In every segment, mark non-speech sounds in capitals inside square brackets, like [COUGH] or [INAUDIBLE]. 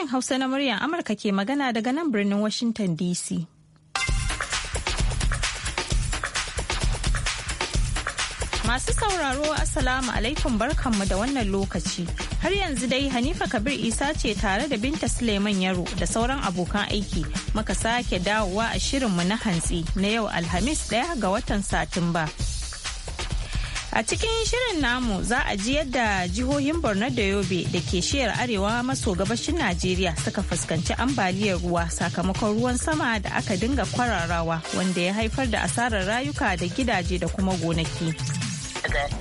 Sashen Hausa na muryar Amurka ke magana daga nan birnin Washington DC. Masu sauraro asalamu alaikum barkanmu da wannan lokaci. Har yanzu dai Hanifa Kabir Isa ce tare da Binta Suleiman Yaro da sauran abokan aiki muka sake dawowa a shirinmu na hantsi na yau Alhamis ɗaya ga watan Satumba. A cikin shirin namu za a ji yadda jihohin Borno da Yobe da ke shiyar arewa maso gabashin Najeriya suka fuskanci ambaliyar ruwa sakamakon ruwan sama da aka dinga kwararawa wanda ya haifar da asarar rayuka da gidaje da kuma gonaki.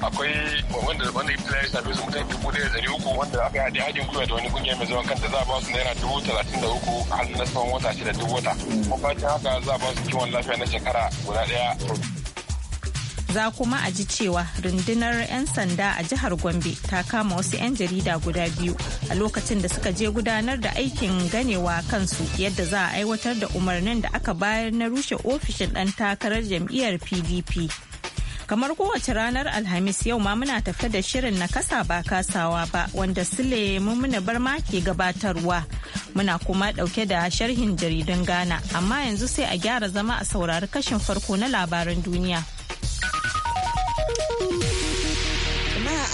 akwai wanda wanda ya shafe su mutum dubu ɗaya ɗari uku wanda aka haɗe haɗin gwiwa da wani kungiya mai zaman kanta za a ba su naira dubu talatin da uku har na tsawon wata shida duk wata. Mafacin haka za a ba su kiwon lafiya na shekara guda ɗaya. za kuma a ji cewa rundunar 'yan sanda a jihar gombe ta kama wasu 'yan jarida guda biyu a lokacin da suka je gudanar da aikin ganewa kansu yadda za a aiwatar da umarnin da aka bayar na rushe ofishin ɗan takarar jam'iyyar pdp kamar kowace ranar alhamis yau ma muna tafe da shirin na kasa ba kasawa ba wanda sule bar ma ke gabatarwa muna kuma dauke da sharhin jaridun ghana amma yanzu sai a gyara zama a saurari kashin farko na labaran duniya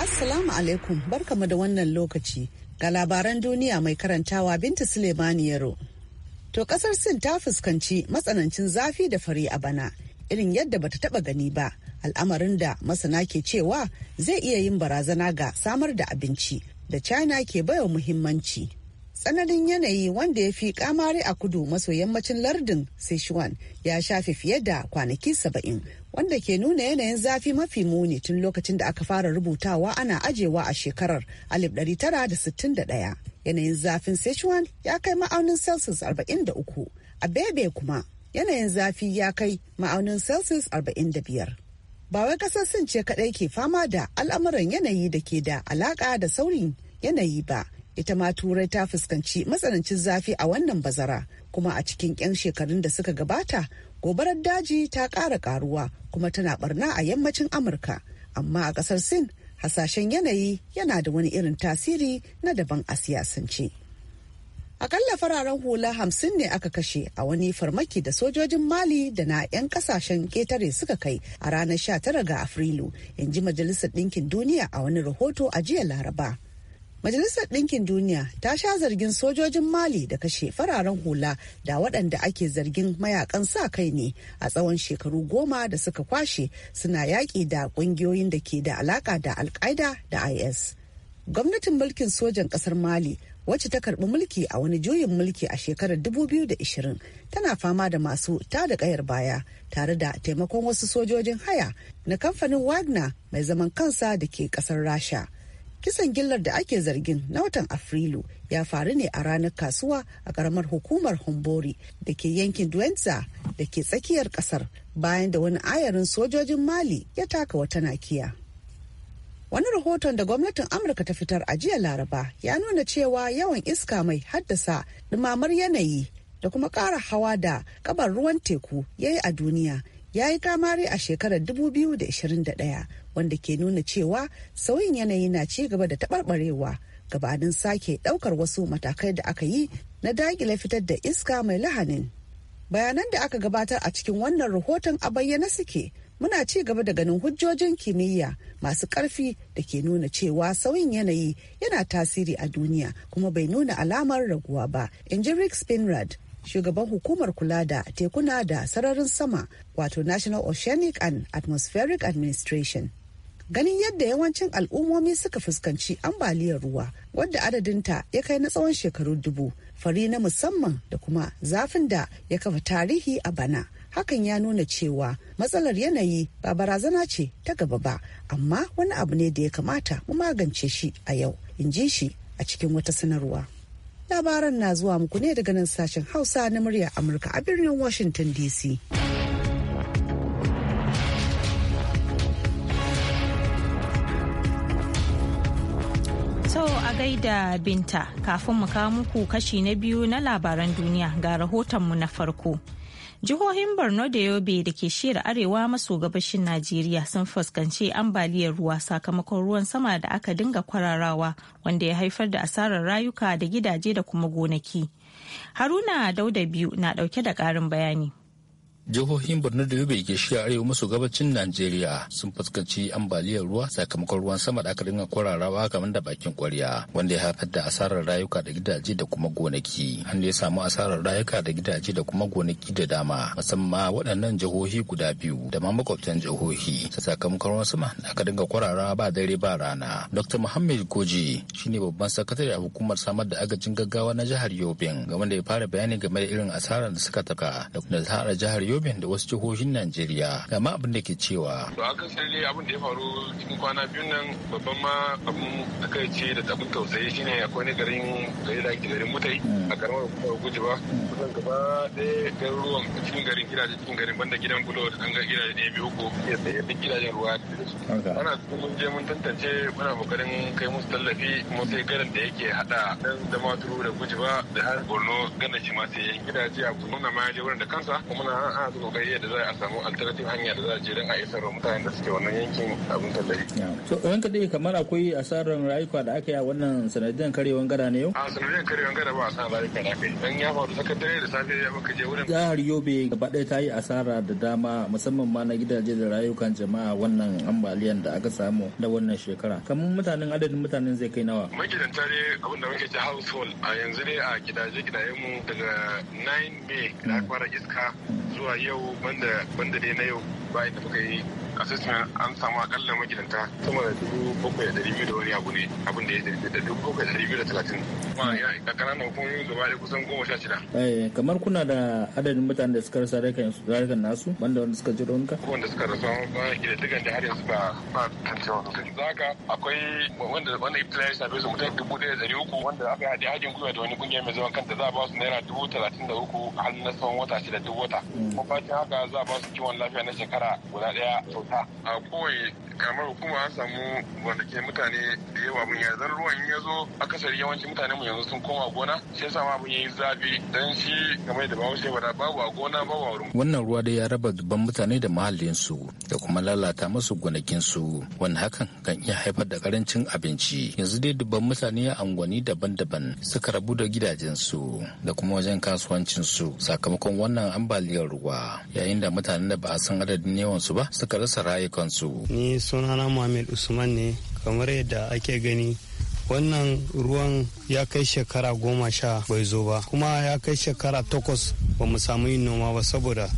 Assalamu alaikum barkamu da wannan lokaci ga labaran duniya mai karantawa Binta Suleimani Yaro. To kasar Sin ta fuskanci matsanancin zafi da fari a bana irin yadda bata taba gani ba al'amarin da masana ke cewa zai iya yin barazana ga samar da abinci da China ke baiwa muhimmanci. tsananin yanayi wanda ya fi kamari a kudu maso yammacin lardin sichuan ya shafe fiye da kwanaki saba'in wanda ke nuna yanayin zafi mafi muni tun lokacin da aka fara rubutawa ana ajewa a shekarar 1961 yanayin zafin sichuan ya kai ma'aunin celsius 43 a bebe kuma yanayin zafi ya kai ma'aunin celsius 45 ba wai kasar sin ce kadai ke fama da al'amuran yanayi da ke da alaka da saurin yanayi ba ita ma turai ta fuskanci matsanancin zafi a wannan bazara kuma a cikin 'yan shekarun da suka gabata gobarar daji ta ƙara ƙaruwa kuma tana barna a yammacin amurka amma a ƙasar sin hasashen yanayi yana da wani irin tasiri na daban a siyasance akalla fararen hula hamsin ne aka kashe a wani farmaki da sojojin mali da na 'yan kasashen ƙetare suka kai a ranar 19 ga afrilu in ji majalisar ɗinkin duniya a wani rahoto a jiya laraba Majalisar Ɗinkin Duniya ta sha zargin sojojin Mali da kashe fararen hula da waɗanda ake zargin mayakan sa kai ne a tsawon shekaru goma da suka kwashe suna yaƙi da ƙungiyoyin da ke da alaƙa da Al-Qaeda da IS. Gwamnatin mulkin sojan ƙasar Mali wacce ta karɓi mulki a wani juyin mulki a shekarar 2020 tana fama da masu tada ƙayar baya tare da taimakon wasu sojojin haya na kamfanin Wagner mai zaman kansa da ke ƙasar Rasha. kisan gillar da ake zargin na watan afrilu ya faru ne a ranar kasuwa a karamar hukumar hombori da ke yankin duenza da ke tsakiyar kasar bayan da wani ayarin sojojin mali ya taka wata nakiya wani rahoton da gwamnatin amurka ta fitar a jiya laraba ya nuna cewa yawan iska mai haddasa dumamar yanayi da kuma kara hawa da kabar ruwan teku ya yi a duniya ya yi kamari a shekarar 2021 wanda ke nuna cewa sauyin yanayi na ci gaba da taɓarɓarewa gabanin sake ɗaukar wasu matakai da aka yi na dakile fitar da iska mai lahanin. Bayanan da aka gabatar a cikin wannan rahoton a bayyana suke muna ci gaba da ganin hujjojin kimiyya masu ƙarfi da ke nuna cewa sauyin yanayi yana tasiri a duniya kuma bai nuna alamar raguwa ba in ji rick spinrad shugaban hukumar kula da tekuna da sararin sama wato national oceanic and atmospheric administration ganin yadda yawancin al'ummomi suka fuskanci ambaliyar ruwa wadda adadinta ya kai na tsawon shekaru dubu fari na musamman da kuma zafin da ya kafa tarihi a bana hakan ya nuna cewa matsalar yanayi ba barazana ce ta gaba ba amma wani abu ne da ya kamata mu magance shi a yau in ji shi a cikin wata sanarwa labaran na zuwa muku ne daga nan sashen hausa na murya amurka a birnin washington dc gaida binta kafin mu kawo muku kashi na biyu na labaran duniya ga rahotonmu na farko. Jihohin Borno da Yobe da ke shira arewa maso gabashin Najeriya sun fuskanci ambaliyar ruwa sakamakon ruwan sama da aka dinga kwararawa wanda ya haifar da asarar rayuka da gidaje da kuma gonaki. Haruna Dauda biyu na dauke da karin bayani. jihohin borno da yobe ke shi arewa maso gabacin najeriya sun fuskanci ambaliyar ruwa sakamakon ruwan sama da aka dinga kwararawa kamar da bakin kwarya wanda ya haifar da asarar rayuka da gidaje da kuma gonaki an ya samu asarar rayuka da gidaje da kuma gonaki da dama musamman waɗannan jihohi guda biyu da ma makwabtan jihohi sakamakon ruwan sama da aka dinga kwararawa ba dare ba rana dr muhammad goji shine babban sakatare a hukumar samar da agajin gaggawa na jihar yobin game wanda ya fara bayani game da irin asarar da suka taka da kuma jihar Yobe da wasu jihohin Najeriya gama abin da ke cewa. To aka sirri abin da ya faru cikin kwana biyu nan babban ma abin da kai ce da tsabin tausayi shine akwai ne garin gari da ake garin mutai hmm. a karamar hukumar guji ba hmm. kusan gaba ɗaya garuruwan cikin garin gidajen cikin garin banda gidan gulo da an ga da ɗaya biyu ko ya tsaye duk gidajen ruwa ana cikin mun je mun tantance muna kokarin kai musu tallafi kuma sai garin da yake hada dan zama turu da guji ba da har borno gana shi ma sai gidaje a gudu ma ya je wurin da kansa kuma na za a zuba kokari yadda za a samu alternative hanya da za a je don a isar mutanen da suke wannan yankin abin tallafi. to ranka dai kamar akwai asarar rayuka da aka yi a wannan sanadiyar karewan gada ne yau. a sanadiyar karewan gada ba a sa rayuka da aka yi don ya faru saka dare da safe ya maka je wurin. jihar yobe gaba ɗaya ta yi asara da dama musamman ma na gidaje da rayukan jama'a wannan ambaliyan da aka samu da wannan shekara kamar mutanen adadin mutanen zai kai nawa. magidanta ne abin da muke ce household a yanzu ne a gidaje gidajenmu daga 9 may na aka fara iska hmm. zuwa yau banda banda dai na yau bayan da muka yi assessment an samu akalla magidanta sama da dubu bakwai da dari biyu da wani abu ne abin da ya dari da dubu bakwai da dari biyu da talatin kuma hmm. ya kananan hukumomi gaba da kusan goma sha shida. Eh, kamar kuna da adadin mutane da suka rasa rayukan rayukan nasu banda wanda suka ji raunuka. wanda suka rasa ba kididdigan da har yanzu ba ba tantancewa sosai. ka akwai wanda wanda ya shafe su mutum dubu ɗaya da dari uku wanda aka haɗe hajin gwiwa da wani kungiya mai zaman kanta za a ba su naira dubu talatin da uku har na tsawon wata shida duk wata. Hmm. kuma bakin haka za a ba su kiwon lafiya na shekara shekara guda ɗaya kyauta a kamar hukuma an samu wanda ke mutane da yawa abin ya zan ruwan ya zo akasari yawancin mutane mu yanzu sun koma gona sai sama abin ya yi zafi dan shi game da bawo sai bada babu a gona babu a wurin. wannan ruwa da ya raba dubban mutane da su da kuma lalata musu su, wani hakan kan iya haifar da karancin abinci yanzu dai dubban mutane a angwani daban-daban suka rabu da gidajensu da kuma wajen kasuwancin su sakamakon wannan ambaliyar ruwa yayin da mutanen da ba a san adadin yawansu ba suka rasa rayukansu. su sunana muhammad usman ne kamar yadda ake gani wannan ruwan ya kai shekara goma sha bai zo ba kuma ya kai shekara takwas ba mu samu yin noma ba saboda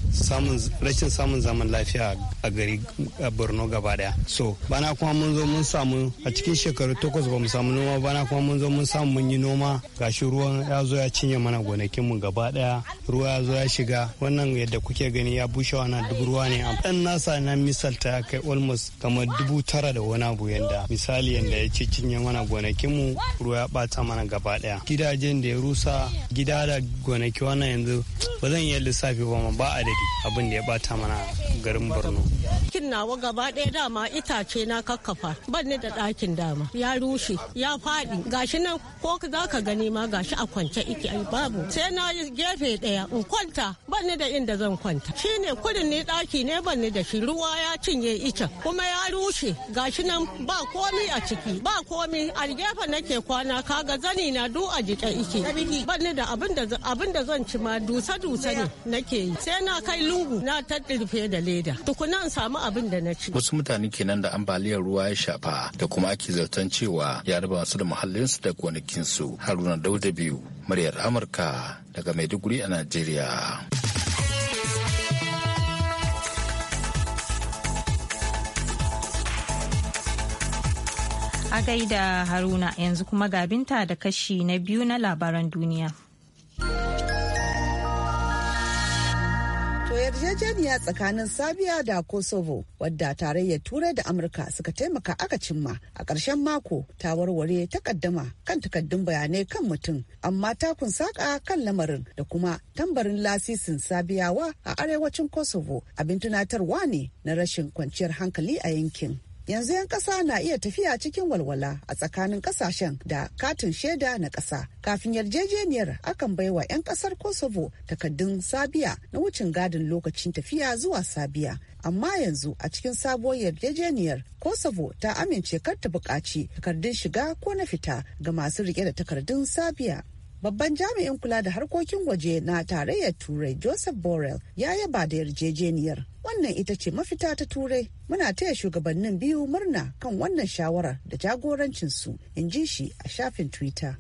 rashin samun zaman lafiya a gari a borno gaba daya so bana kuma mun zo mun samu a cikin shekaru takwas ba mu samu noma bana kuma mun zo mun samu mun yi noma gashi ruwan ya zo ya cinye mana gonakinmu gaba daya ruwa ya zo ya shiga wannan yadda kuke gani ya bushe na duk ruwa ne dan nasa na misalta ya kai almost kamar dubu tara da wani abu yanda misali yanda ya ci cinye mana gonakin. gonakinmu ruwa ya ɓata mana gaba ɗaya gidajen da ya rusa gida da gonaki wannan yanzu ba zan iya lissafi ba ma ba adadi abin da ya bata mana garin borno ɗakin nawa gaba ɗaya dama itace na kakkafa ban ni da ɗakin dama ya rushe ya faɗi gashi nan ko za ka gani ma gashi a kwance iki ai babu sai na gefe ɗaya in kwanta ban ni da inda zan kwanta shine kurin ni ɗaki ne ban ni da shi ruwa ya cinye ita kuma ya rushe gashi nan ba komi a ciki ba komi a gefe nake kwana kaga zani na du a jike ike ban ni da abin da zan ci ma dusa dusa ne nake yi sai na kai lungu na tattirfe da leda tukunan samu abin da na ci. Wasu mutane kenan da ambaliyar ruwa ya shafa da kuma ake zartan cewa ya raba su da muhallinsu da gonakinsu. Haruna Dauda biyu, muryar Amurka daga Maiduguri a Najeriya. A gaida Haruna yanzu kuma gabinta da kashi na biyu na labaran duniya. yarjejeniya tsakanin Sabiya da Kosovo wadda tarayyar Turai da Amurka suka taimaka aka cimma a ƙarshen mako ta warware ta takaddama kan takaddun bayanai kan mutum amma takun saƙa kan lamarin da kuma tambarin lasisin Sabiyawa a arewacin Kosovo abin tunatarwa ne na rashin kwanciyar hankali a yankin. yanzu 'yan ƙasa na iya tafiya cikin walwala a tsakanin ƙasashen da katin shaida na ƙasa kafin yarjejeniyar akan baiwa 'yan ƙasar kosovo takaddun sabiya na wucin gadin lokacin tafiya zuwa sabiya amma yanzu a cikin sabuwar yarjejeniyar kosovo ta amince kar ta buƙaci takardun shiga ko na fita ga masu riƙe da takardun sabiya babban jami'in kula da harkokin waje na tarayyar turai joseph borrell ya yaba da yarjejeniyar wannan ita ce mafita ta turai muna taya shugabannin biyu murna kan wannan shawarar da jagorancinsu in ji shi a shafin twitter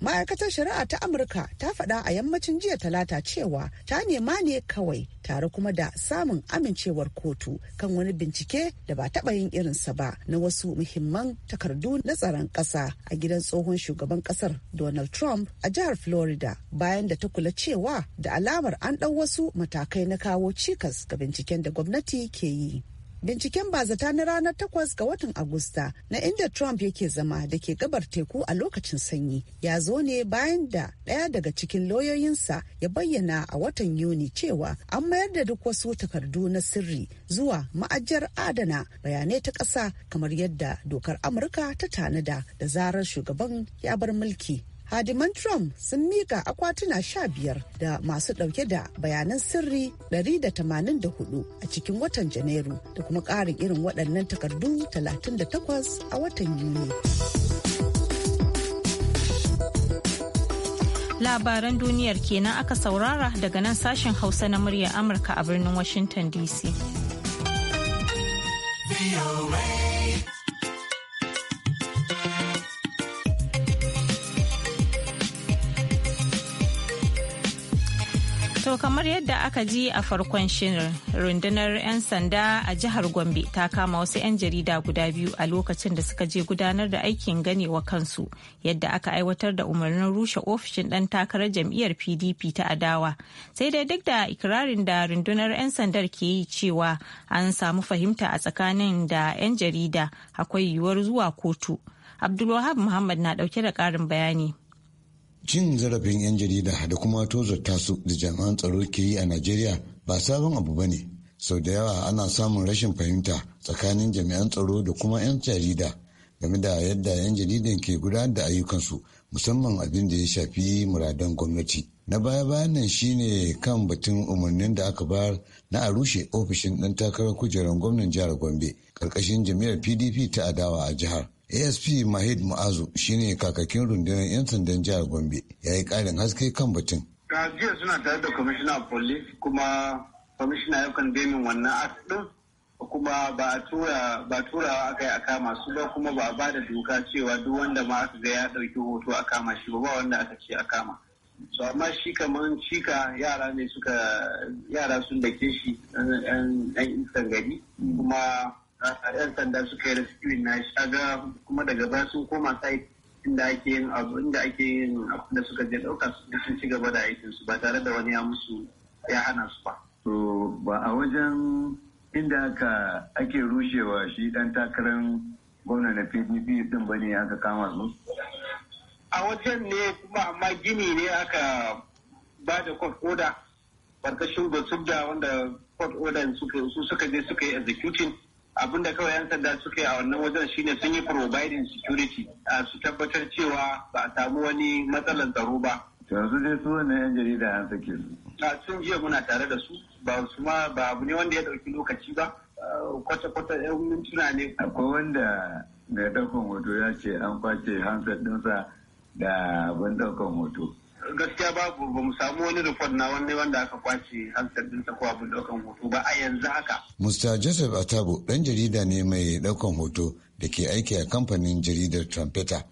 ma'aikatar shari'a ta amurka ta faɗa a yammacin jiya talata cewa ta nema ne kawai tare kuma da samun amincewar kotu kan wani bincike da ba taɓa yin irinsa ba na wasu muhimman takardu na tsaron ƙasa a gidan tsohon shugaban ƙasar donald trump a jihar florida bayan da ta kula cewa da alamar an ɗau wasu matakai na kawo cikas ga binciken da gwamnati ke yi binciken bazata na ranar 8 ga watan agusta na inda trump yake zama da ke gabar teku a lokacin sanyi ya zo ne bayan da ɗaya daga cikin lauyoyinsa ya bayyana a watan yuni cewa an mayar da duk wasu takardu na sirri zuwa ma'ajiyar adana bayanai ta ƙasa kamar yadda dokar amurka ta tanada da zarar shugaban ya bar mulki hadiman trump sun mika akwatuna sha biyar da masu dauke da bayanan sirri 184 a cikin watan janairu da kuma karin irin waɗannan takardu 38 a watan yuni labaran duniyar kenan aka saurara daga nan sashen hausa na muryar amurka a birnin washington dc kamar yadda aka ji a farkon shirin rundunar 'yan sanda a jihar gombe ta kama wasu 'yan jarida guda biyu a lokacin da suka je gudanar da aikin ganewa kansu yadda aka aiwatar da umarnin rushe ofishin dan takarar jam'iyyar pdp ta adawa sai dai duk da ikirarin da rundunar 'yan sandar ke yi cewa an samu fahimta a tsakanin da 'yan jarida akwai yiwuwar zuwa kotu abdulwahab muhammad na dauke da karin bayani cin zarafin 'yan jarida da kuma tozarta su da jami'an tsaro ke yi a najeriya ba sabon abu ba ne sau da yawa ana samun rashin fahimta tsakanin jami'an tsaro da kuma 'yan jarida game da yadda 'yan jaridan ke gudanar da ayyukansu musamman abin da ya shafi muradan gwamnati na baya bayan nan shine kan batun umarnin da aka bayar na a rushe ofishin ɗan takarar kujerar gwamnan jihar gombe ƙarƙashin jami'ar pdp ta adawa a jihar asp mahid mu'azu shine kakakin rundunar 'yan sandan jihar gombe ya yi ƙarin haske kan batun jiya suna tare da kwamishina police kuma kwamishina ya kan wannan asibitin kuma ba a tura ba turawa aka yi a kama su ba kuma ba a ba da doka cewa duk wanda ma aka ga ya dauki hoto a kama shi ba ba wanda aka ce a kama so amma shi kamar cika yara ne suka yara sun dake shi yan isan gari kuma yan sanda suka yi rescuing na shaga kuma daga baya sun koma site inda ake yin abu inda ake yin abu da suka je ɗauka sun ci gaba da aikin su ba tare da wani ya musu ya hana su ba. To ba a wajen inda aka ake rushewa shi dan takarar gwamna na PDP din ba bane aka kama su? A wajen ne kuma amma gini ne aka ba da court order barkashin Gosubda wanda court order su suka je suka yi executing abin da kawai 'yan sanda suka yi a wannan wajen shine sun yi providing security su tabbatar cewa ba a samu wani matsalar tsaro ba yanzu dai su wannan 'yan jarida an sake su sun jiya muna tare da su ba su ma ba abu ne wanda ya ɗauki lokaci ba kwata-kwata 'yan mintuna ne akwai wanda mai ɗaukar hoto ya ce an kwace hansa ɗinsa da abin daukan hoto gaskiya babu ba mu samu wani report na wani wanda aka kwace hansar dinsa ko abin daukan hoto ba a yanzu haka. Mr. Joseph Atabo dan jarida ne mai daukan hoto da ke aiki a kamfanin jaridar Trumpeta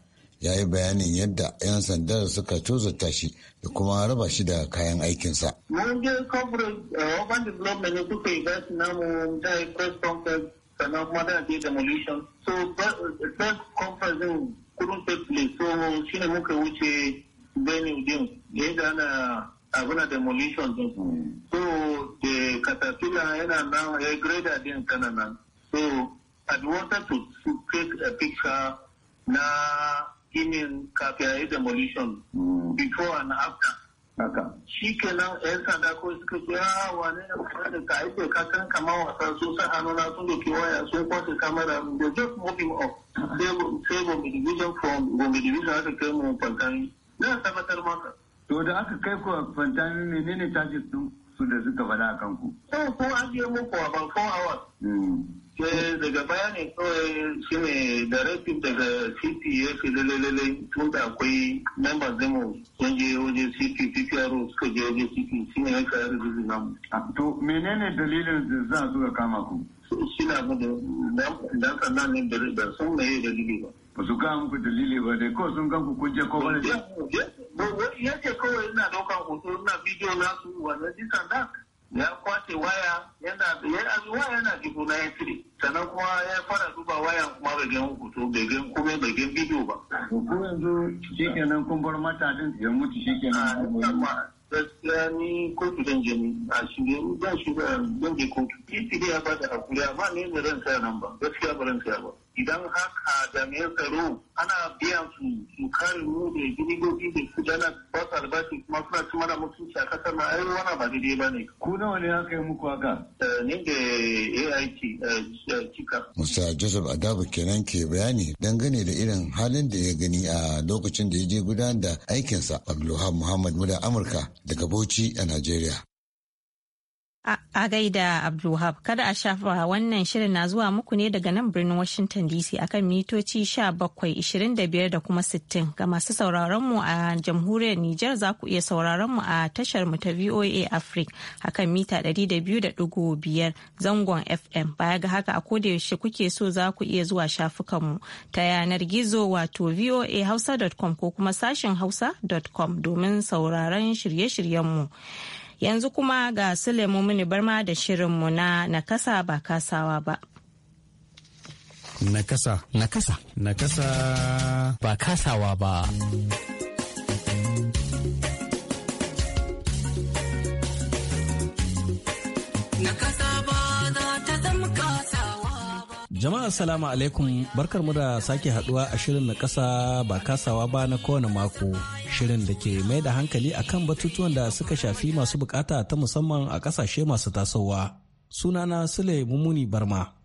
ya yi bayanin yadda 'yan sandar suka tozo tashi da kuma raba shi da kayan aikinsa. Mun je conference, urban eh, development ne suka yi gasi namu da press conference sannan kuma da ke So, press eh, conference kudin take place, so shine muka wuce benin din yadda ana abuna demolition din so the caterpillar yana nan ya greater din kana nan so i wanted to, to take a picture na ginin kafin a yi demolition hmm. before and after shi nan yan sanda ko suka ce ya ah, wane ne kuma da ka aike ka san kama wasa sun sa hannu na sun doke waya sun kwace kamara da just moving [LAUGHS] up sai gombe division from gombe division aka kai mu fankari zai tabbatar maka. To da aka kai ku fantani ne tashi sun su da suka faɗa a kanku? Sai ko an je muku a ban awas. Hmm. daga baya ne kawai shi ne directive daga city ya fi lalalala tun da akwai members dinmu sun je waje city ppr suka je waje city shi ne ya kayar da namu. To menene dalilin da za a zuwa kama ku? Shi na da dan sannan ne da sun mai dalili ba. ba su ga muku dalili ba dai ko sun ga ku kun je ko wani yake kawai ina daukan hoto ina bidiyo na su wannan jisan da ya kwace waya yana ya azu waya yana jibo na ya cire sannan kuma ya fara duba waya kuma bai gan hoto bai gan kuma bai gan bidiyo ba ko yanzu shikenan kun bar mata ya mutu shikenan ah, gaskiya ni kotu zan jami a shige ba shi ba zan je kotu kiti ya da hakuri amma ne mai ran saya nan ba gaskiya ba ran saya ba idan haka da mai tsaro ana biyan su su kare mu da ginigogi da su dana ba albashi kuma suna ci mana mutunci a kasar ma ayi wani ba daidai ba ne. Ku nawa ne aka yi muku haka? Eh, ni da aiki cika. Eh, eh, Musa Joseph Adabu kenan ke bayani dangane da irin halin da ya gani a lokacin da ya je gudanar da aikinsa. Abdulhamid Muhammad Muda Amurka daga Bauchi a Najeriya. A gaida Abdulhab kada a shafa wannan shirin na zuwa muku ne daga nan birnin Washington DC akan mitoci 1725 da kuma 60 ga masu sauraron mu a jamhuriyar Nijar za ku iya sauraron mu a tashar mu ta VOA Africa akan mita 200.5 zangon FM baya ga haka a koda yaushe kuke so za ku iya zuwa shafukanmu ta yanar gizo wato hausa.com ko kuma sashin hausa.com domin sauraron shirye-shiryen mu. Yanzu kuma ga Sulemu mini barma da shirinmu na nakasa ba kasawa ba. Nakasa. Nakasa. Nakasa. Ba kasawa ba. Jama'a salamu alaikum barkar mu da sake haduwa a shirin na kasa ba kasawa ba na kowane mako shirin da ke mai da hankali a kan batutuwan da suka shafi masu bukata ta musamman a kasashe masu tasowa. Sunana Sule Mumuni Barma.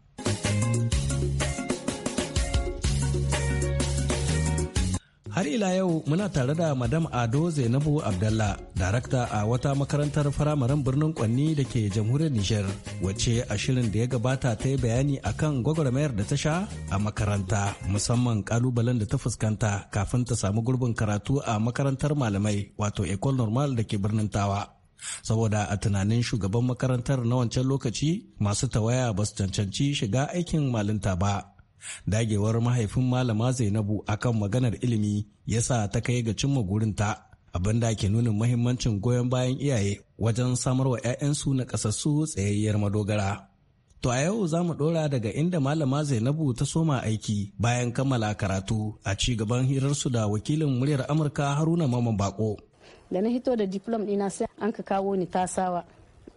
har ila yau muna tare da madam ado zainabu abdallah darakta a wata makarantar firamaren birnin kwanni da ke jamhuriyar niger wacce a shirin da ya gabata ta yi bayani akan gwagwarmayar da ta sha a makaranta musamman kalubalen da ta fuskanta kafin ta samu gurbin karatu a makarantar malamai wato ecole normal da ke birnin tawa saboda a tunanin shugaban makarantar na wancan lokaci masu tawaya ba su cancanci shiga aikin malinta ba dagewar mahaifin malama zainabu akan maganar ilimi ya sa ta kai ga cimma gurinta abin da ke nuna mahimmancin goyon bayan iyaye wajen samar wa 'ya'yansu na kasassu tsayayyar madogara to a yau za mu ɗora daga inda malama zainabu ta soma aiki bayan kammala karatu a ci gaban hirarsu da wakilin muryar amurka haruna maman bako da na hito da diplom dina sai an ka kawo ni tasawa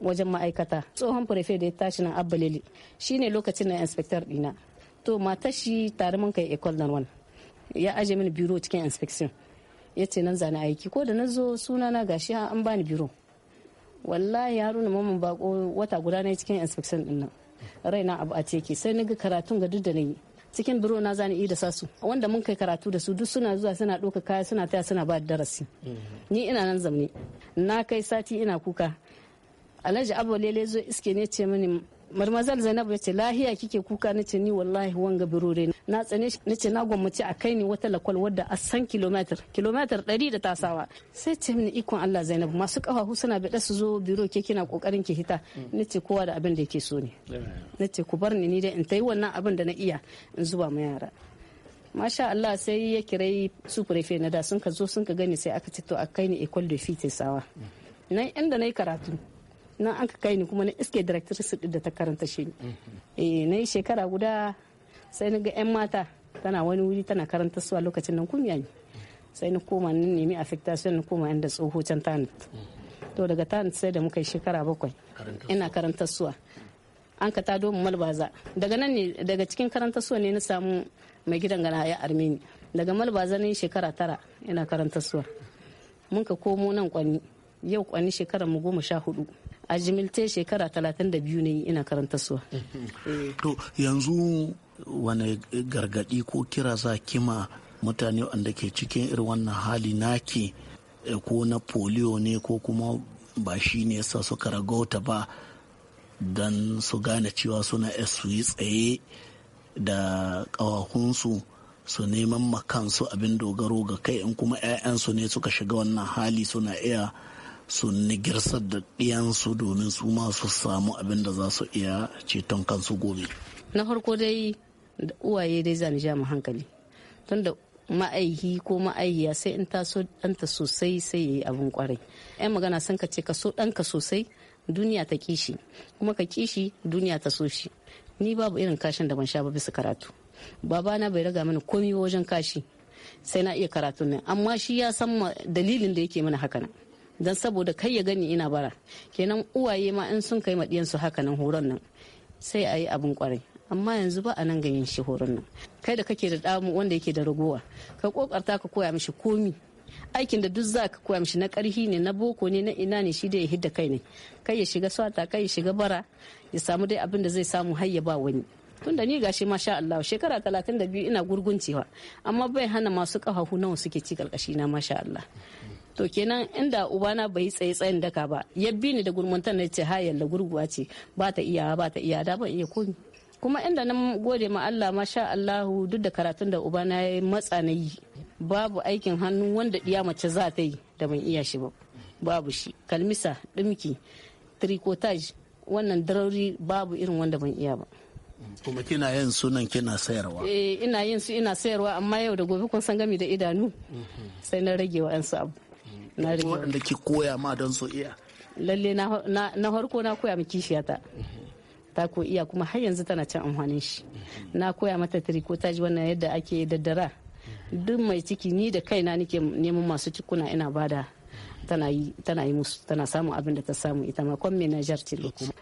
wajen ma'aikata tsohon prefe da ya tashi nan lili shine lokacin na inspector dina to matar shi tare mun kai ecole nan wannan ya aje mini biro cikin inspection ya ce nan zane aiki ko da na zo suna na gashi an bani biro wallahi haruna mamman bako wata guda na cikin inspection din nan raina abu a teki sai na ga karatun ga duk da na cikin biro na zani da sasu wanda mun kai karatu da su duk suna zuwa suna ɗauka kaya suna taya suna ba da darasi ni ina nan zamne na kai sati ina kuka alhaji abu lele zo iske ne ce mini marmazal zainabu ya ce lahiya kike kuka na ce ni wallahi wanga birore na tsane na ce na gwammace a kai ni wata lakwal wadda a san kilomitar kilomitar ɗari da tasawa sai ce mini ikon allah zainabu masu ƙafafu suna bada su zo biro ke kina ƙoƙarin ki hita na ce kowa da abin da yake so ne na ce ku bar ni ni dai in ta yi wannan abin da na iya in zuba ma yara masha Allah sai ya kirai su prefe na da sun ka zo sun ka gani sai aka ce to a kai ni école de fitesawa nan inda na yi karatu nan an ka kai ni kuma na iske su da ta karanta shi eh na yi shekara guda sai na ga yan mata tana wani wuri tana karanta su a lokacin nan kun ne sai na koma na nemi affectation na koma inda tsoho can tanit to daga tanit sai da muka yi shekara bakwai ina karanta suwa an ka tado mu malbaza daga nan ne daga cikin karanta suwa ne na samu mai gidan gana ya armeni daga malbaza ne shekara tara ina karanta suwa mun ka komo nan kwani yau kwani shekara mu goma sha hudu a jimilte shekara 32 ne ina karanta suwa [LAUGHS] to yanzu wani gargadi ko kira za kima mutane wanda ke cikin irin wannan hali naki eh, ko na polio ne ko kuma ba shi ne yasa suka ragauta ba don su gane cewa suna su yi tsaye da ƙawahunsu su neman makansu abin dogaro ga kai in kuma 'ya'yansu ne suka shiga wannan hali suna iya su nigirsar da ɗiyansu domin su masu su samu abin da za su iya ceton kansu gobe. Na farko dai da uwaye dai za ja mu hankali tun da ma'aihi ko ma'aihiya sai in taso ɗanta sosai sai ya yi abin kwarai. 'Yan magana sun ka ce ka so ɗanka sosai duniya ta kishi kuma ka kishi duniya ta so shi. Ni babu irin kashin da ban sha ba bisa karatu. Babana bai raga mana komi wajen kashi sai na iya karatu nan amma shi ya san dalilin da yake mana haka nan. don saboda kai ya gani ina bara kenan uwaye ma in sun kai su haka nan horon nan sai a yi abin kwarai amma yanzu ba a nan ganin shi horon nan kai da kake da damu wanda yake da ragowa ka kokarta ka koya mishi komi aikin da duk za ka koya mishi na karhi ne na boko ne na ina ne shi da ya hidda kai ne kai ya shiga swata kai ya shiga bara ya samu dai abin da zai samu har ya ba wani tunda ni gashi masha Allah shekara 32 ina gurguncewa amma bai hana masu kafahu nawa suke ci karkashi na masha Allah to kenan inda ubana bai tsaye tsayin daka ba ya bi ni da gurmunta na ce ha yalla gurguwa ce ba ta iya ba ta iya da ban iya komi kuma inda nan gode ma Allah masha Allahu duk da karatun da ubana ya matsa na yi babu aikin hannu wanda iya mace za ta yi da ban iya shi ba babu shi kalmisa dimki tricotage wannan darauri babu irin wanda ban iya ba kuma kina yin sunan kina sayarwa eh ina yin su ina sayarwa amma yau da gobe kun san gami da idanu mhm. sai na rage wa abu na ki koya ma don so iya lalle na harko na koya miki kishiyata ta ko iya kuma har yanzu tana can amfanin shi na koya mata triko ta ji wannan yadda ake daddara duk mai ciki ni da kaina nake neman masu cikuna ina bada tana yi musu tana samun abin da ta samu ita ma kwan ce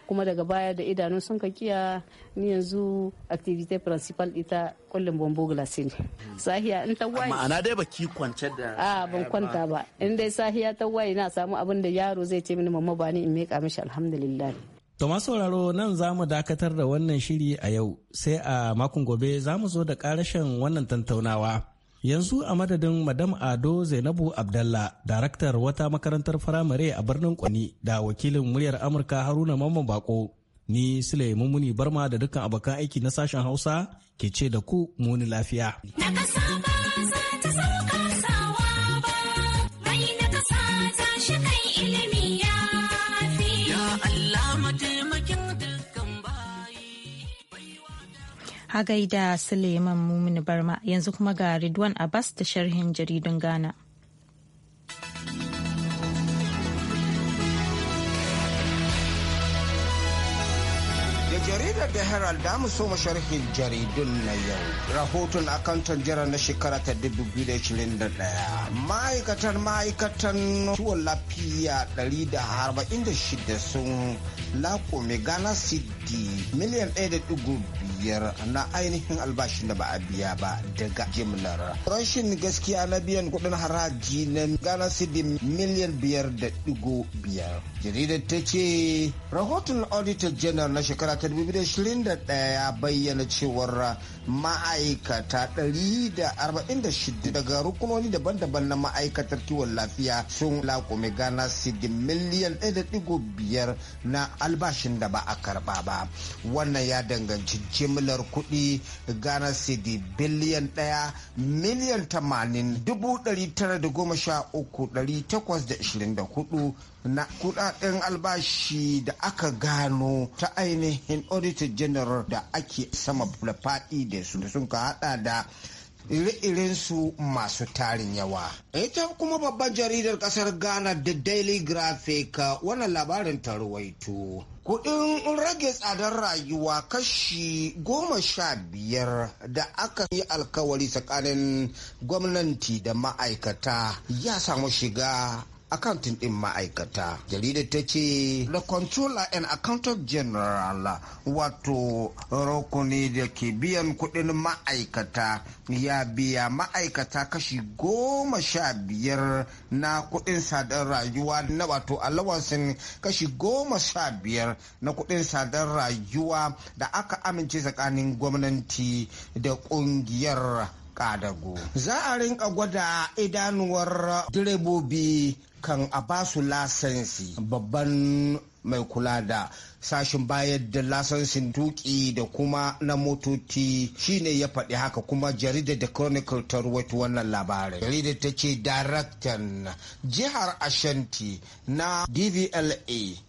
kuma daga baya da idanu sun ka kiya ni yanzu activity principal ita kullum bombo glace ne sahiya in ta waye ma'ana dai baki kwance da a ban kwanta ba in dai sahiya ta waye na samu abin da yaro zai ce mini mamma ba in meka mishi alhamdulillah To sauraro nan za mu dakatar da wannan shiri a yau sai a makon gobe za mu zo da karashen wannan tantaunawa. yanzu a madadin madam ado zainabu abdallah daraktar wata makarantar firamare a birnin kwani da wakilin muryar amurka haruna mamman bako ni sule muni barma da dukkan abokan aiki na sashen hausa ke ce da ku muni lafiya. Hagaida Suleiman Mumini Barma yanzu kuma ga Ridwan Abbas da sharhin jaridun Ghana. jaridar da herald da mu so sharhin jaridun na yau rahoton akantan jira na shekara ta 2021 ma'aikatar ma'aikatan tuwon lafiya 146 sun laƙume ghana city miliyan 1.2 biyar na ainihin albashin da ba a biya ba daga jimlar. Rashin gaskiya na biyan kuɗin haraji na Ghana Cedi miliyan biyar da digo biyar. Jaridar ta ce rahoton Auditor General na shekara ta 2021 ya bayyana cewar ma'aikata 146 daga rukunoni daban-daban na ma'aikatar kiwon lafiya sun lakome gana sidi miliyan 1.5 na albashin da ba a karba ba wannan ya danganci jimlar kuɗi gana sidi biliyan 1 miliyan 80 dubu na kudaden albashi da aka gano ta ainihin auditor general da ake sama faɗi da su da sun ka hada da ire su masu tarin yawa. Ita kuma babban jaridar kasar Ghana da Daily Graphic wannan labarin ta ruwaito. Kudin rage tsadar rayuwa kashi goma sha biyar da aka yi alkawari tsakanin gwamnati da ma'aikata ya samu shiga accounting din ma'aikata jarida ta ce the controller and accountant general wato rukuni da ke biyan kudin ma'aikata ya biya ma'aikata kashi goma sha biyar na kudin sadar rayuwa na wato alawansin kashi goma sha biyar na kudin sadar rayuwa da aka amince tsakanin gwamnati da kungiyar ƙadago. Za a rinka gwada idanuwar direbobi kan a basu lasensi babban mai kula da Sashen bayar da lasansin tuki da kuma na motoci shine ya faɗi haka kuma jaridar da chronicle ta ruwaito wannan labarin jaridar ta ce daraktan jihar ashanti na dvla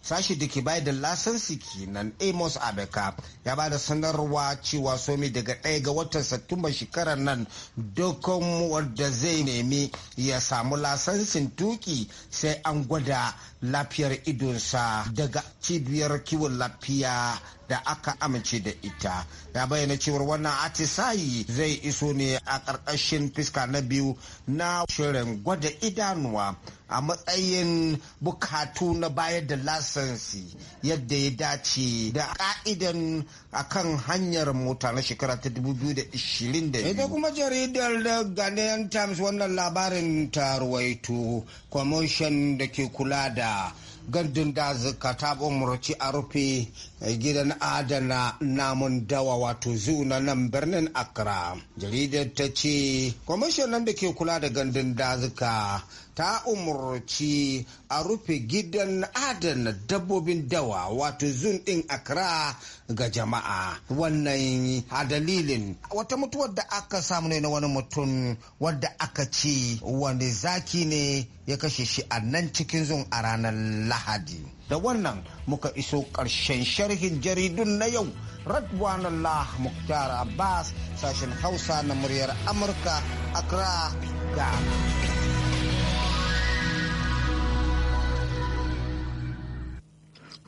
sashi da ke bayar da lasansi kenan amos abeka ya ba da sanarwa cewa somi daga ɗaya ga watan satumba shekarar nan dokon wanda zai nemi ya samu lasansin tuki sai an gwada lafiyar idonsa daga cibiyar kiwon lafiya da aka amince da ita ya bayyana cewar wannan atisayi zai iso ne a ƙarƙashin fiska na biyu na shirin gwada idanuwa a matsayin bukatu na bayar da lasansi yadda ya dace da ka'idan a kan hanyar mota na shekara ta 2020 ita kuma jaridar da ghanaian times wannan labarin ta ruwaito kwamishin da ke kula da gandun dazuka ta umarci a rufe eh, gidan adana namun dawa wato zuna na nan birnin accra jaridar ta ce kwamishinan da ke kula da gandun dazuka ta umarci a rufe gidan adana dabbobin dawa wato zun din Akra ga jama'a wannan a dalilin wata mutuwar da aka samu ne na wani mutum wadda aka ce wani zaki ne ya kashe shi a nan cikin zun a ranar lahadi da wannan muka iso ƙarshen sharhin jaridun na yau radwanallah muktar abbas sashen hausa na muryar amurka accra ga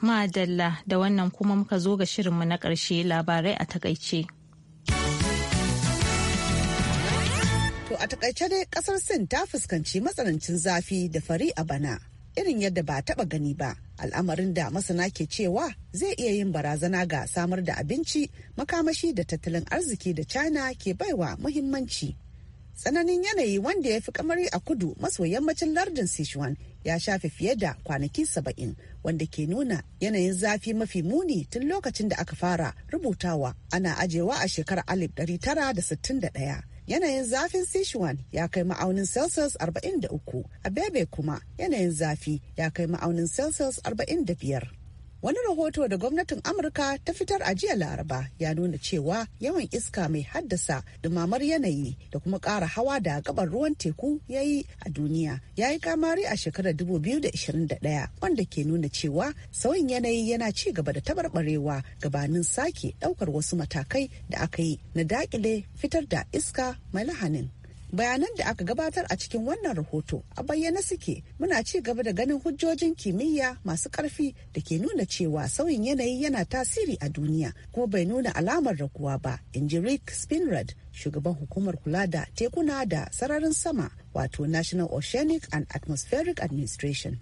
Madalla da wannan kuma muka zo ga shirinmu na ƙarshe labarai a takaice. To a takaice dai ƙasar Sin ta fuskanci matsanancin zafi da fari a bana irin yadda ba taɓa gani ba al'amarin da masana ke cewa zai iya yin barazana ga samar da abinci makamashi da tattalin arziki da China ke baiwa muhimmanci. tsananin yanayi wanda ya fi kamari a kudu maso yammacin lardin sichuan ya shafe fiye da kwanaki saba'in wanda ke nuna yanayin zafi mafi muni tun lokacin da aka fara rubutawa ana ajewa a shekarar 1961 yanayin zafin sichuan ya kai ma'aunin celsius 43 a bebe kuma yanayin zafi ya kai ma'aunin celsius 45 Wani rahoto da gwamnatin Amurka ta fitar a jiya Laraba ya nuna cewa yawan iska mai haddasa dumamar yanayi da kuma ƙara hawa da gabar ruwan teku ya yi a duniya ya yi kamari a shekarar 2021 wanda ke nuna cewa sauyin yanayi yana ci gaba da tabarbarewa gabanin sake ɗaukar wasu matakai da aka yi na daƙile fitar da iska mai lahanin. bayanan da aka gabatar a cikin wannan rahoto a bayyana suke muna ci gaba da ganin hujjojin kimiyya masu karfi da ke nuna cewa sauyin yanayi yana tasiri a duniya kuma bai nuna alamar raguwa ba in ji rick spinrad shugaban hukumar kula da tekuna da sararin sama wato national oceanic and atmospheric administration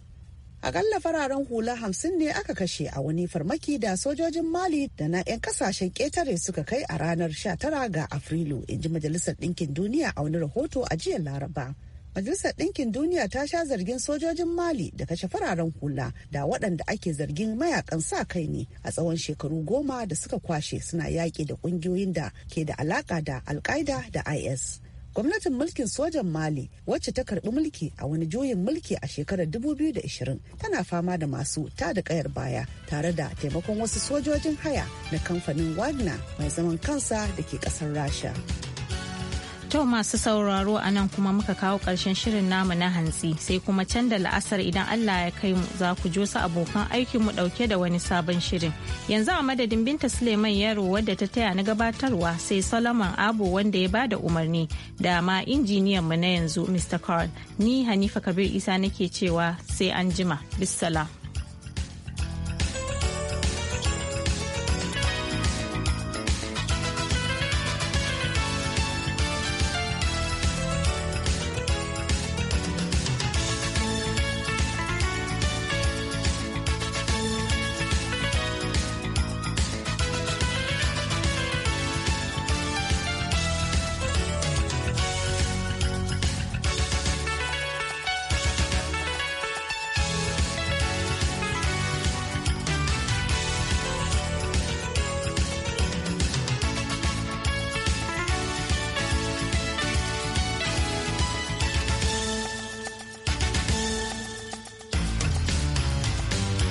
akalla fararen hula hamsin ne aka kashe a wani farmaki da sojojin mali da na 'yan kasashen ƙetare suka kai a ranar 19 ga afrilu in ji majalisar ɗinkin duniya a wani rahoto a jiya laraba Majalisar Ɗinkin Duniya ta sha zargin sojojin Mali da kashe fararen hula da waɗanda ake zargin mayakan sa kai ne a tsawon shekaru goma da suka kwashe suna yaƙi da ƙungiyoyin da ke da alaƙa da Alƙaida da IS. gwamnatin mulkin sojan mali wacce ta karbi mulki a wani juyin mulki a shekarar 2020 tana fama da masu ta da kayar baya tare da taimakon wasu sojojin haya na kamfanin wagner mai zaman kansa da ke kasar rasha To masu sauraro a nan kuma muka kawo ƙarshen shirin namu na hantsi sai kuma can da la'asar idan Allah ya kai mu za ku jo abokan aikin mu ɗauke da wani sabon shirin. Yanzu a madadin Binta Suleiman Yaro wadda ta taya na gabatarwa sai Solomon Abu wanda ya bada umarni da ma injiniyan mu na yanzu Mr. Carl. Ni Hanifa Kabir Isa nake cewa sai an jima. Bissalam.